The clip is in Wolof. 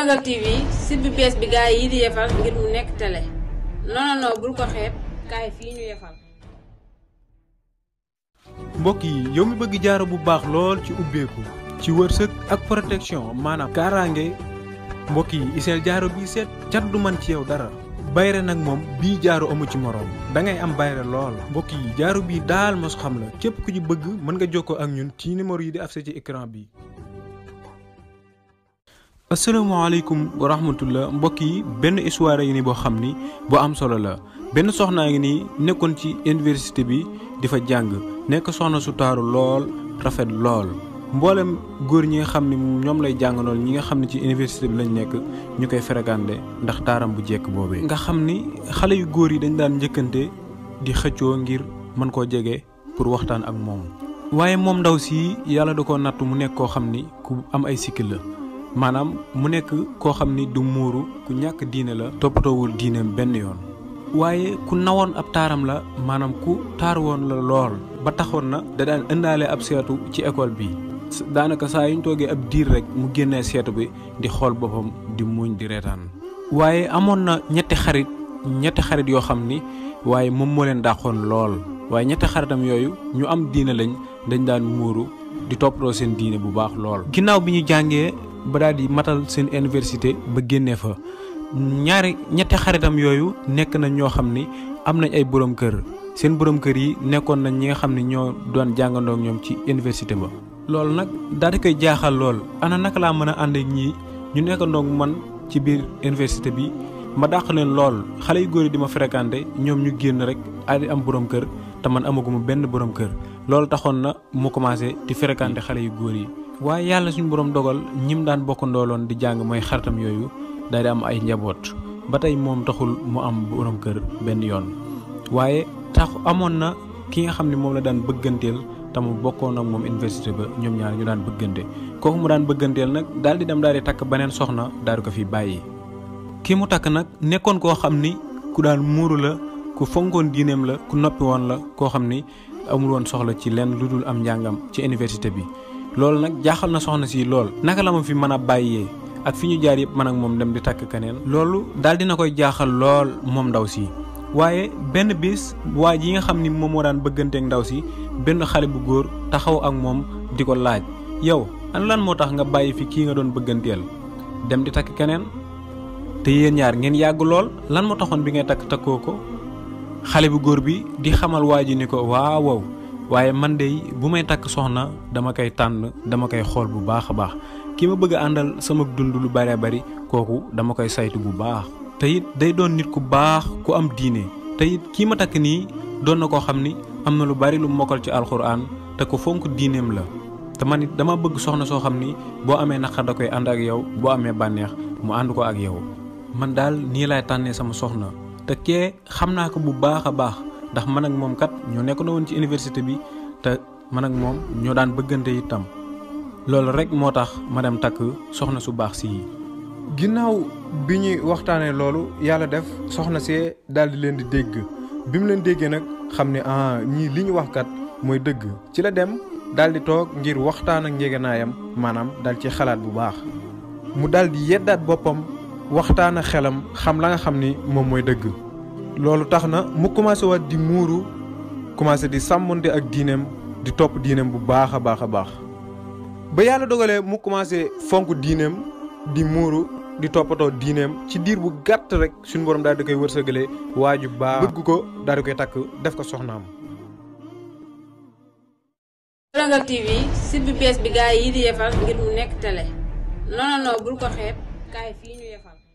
Dangal TV ci BPS bi gaay yi di yefal ngir mu nek télé non non non bul ko xeeb kaay fi ñu yefal. mbokk yi yow mi bëgg jaaro bu baax lool ci ubbeeku ci wërsëg ak protection manam karangé mbokk yi isel jaaro bi set cat du man ci yow dara. bayre nak mom bi jaaru amu ci morom da ngay am bayre lol. mbokk yi jaaru bi dal mos xam la kep ku ci bëgg mën nga joko ak ñun ci numéro yi di afsé ci écran bi. asalaamaaleykum wa rahmatullah mbokk yi benn histoire yi ni boo xam ni boo am solo la benn soxnaa ngi nii nekkoon ci université bi di fa jàng nekk soxna su taaru lool rafet lool mboolem góor ñi nga xam ne ñoom lay jàngaloon ñi nga xam ne ci université bi lañ nekk ñu koy fréquenté ndax taaram bu jekk boobee. nga xam ni xale yu góor yi dañ daan njëkkante di xëccoo ngir mën koo jege pour waxtaan ak moom waaye moom ndaw si yàlla da ko natt mu nekk koo xam ni ku am ay sikki la. maanaam mu nekk koo xam ni du muuru ku ñàkk diine la toppatoowul diineem benn yoon waaye ku nawoon ab taaram la maanaam ku taar woon la lool ba taxoon na da daan indaale ab seetu ci école bi daanaka saa yuñ toogee ab diir rek mu génnee seetu bi di xool boppam di muuñ di reetaan waaye amoon na ñetti xarit ñetti xarit yoo xam ni waaye moom moo leen dàqoon lool waaye ñetti xaritam yooyu ñu am diine lañ dañ daan muuru di toppatoo seen diine bu baax lool ba daal di matal seen université ba génnee fa ñaari ñetti xaritam yooyu nekk na ñoo xam ni am nañ ay borom kër seen borom kër yi nekkoon nañ ñi nga xam ne ñoo doon jàngandoo ñoom ci université ba. loolu nag daal di koy jaaxal lool ana nag laa mën a ànd ak ñii ñu nekkandoo man ci biir université bi ma dàq leen lool xale yu góor yi di ma fréquenté ñoom ñu génn rek a am borom kër te man amaguma benn borom kër. Lol taxon na mu commencé di fréquenter xalé yu goor yi waaye yalla suñu borom dogal ñim daan bokkandooloon di jang moy xartam yoyu daal di am ay njabot Batay mom taxul mu am borom kër ben yoon waye tax amon na ki nga xamni mom la daan bëgganteel tam mu bokkoon ak mom université ba ñom ñaar ñu daan bëggante ko mu daan bëgganteel nak daal di dem daal di takk beneen soxna daal ko fi bayyi ki mu tak nak nekkon ko xamni ku daan muru la ku fonkon dinem la ku noppi won la ko xamni amul won soxla ci lenn lu am njàngam ci université bi lol nak jaxal na soxna si lol naka la ma fi meuna a ak fiñu jaar yëpp man ak mom dem di tak kenen lolou dal dina koy jaxal lol mom ndaw si waye ben bis waji nga xamni mom mo daan beugante ak ndaw si ben xale bu góor taxaw ak mom di laaj yow an lan motax nga bàyyi fi ki nga doon beugantel dem di tak kenen te yeen ñaar ngeen yag lol lan mo taxone bi ngay tak takoko xale bu góor bi di xamal waa ji ni ko waaw waaye man dey bu may takk soxna dama koy tànn dama koy xool bu baax a baax ki ma bëgg a àndal sama dund lu bare bari kooku dama koy saytu bu baax. tey it day doon nit ku baax ku am diine tey it kii ma takk nii doon na koo xam ni am na lu bari lu mokkal ci alxuraan te ko fonk diineem la. te ma nit dama bëgg soxna soo xam ni boo amee naqar da koy ànd ak yow boo amee bànneex mu ànd ko ak yow man daal nii tànnee sama soxna. te kee xamna ko bu baax baax ndax man ak mom kat ñu nekk na ci université bi te man ak mom ñu daan bëggante itam lool rek motax tax ma dem takk soxna su baax si ginnaw bi waxtane loolu yalla def soxna ci dal di leen di dégg bimu leen déggé nak ah ñi liñu wax kat moy dëgg ci la dem dal di tok ngir waxtaan ak njëganaayam manam, dal ci xalaat bu baax mu dal di yeddaat boppam waxtaan a xelam xam la nga xam ni moom mooy dëgg loolu tax na mu commencé waat di muuru commencé di sàmmante ak diineem di topp diineem bu baax a baax a baax ba yàlla dogalee mu commencé fonk diineem di muuru di toppatoo diineem ci diir bu gàtt rek suñu borom daal di koy wërsëgalee waaju ju baax bëgg ko daal di koy takk def ko soxnaam. kaay fii ñu yefal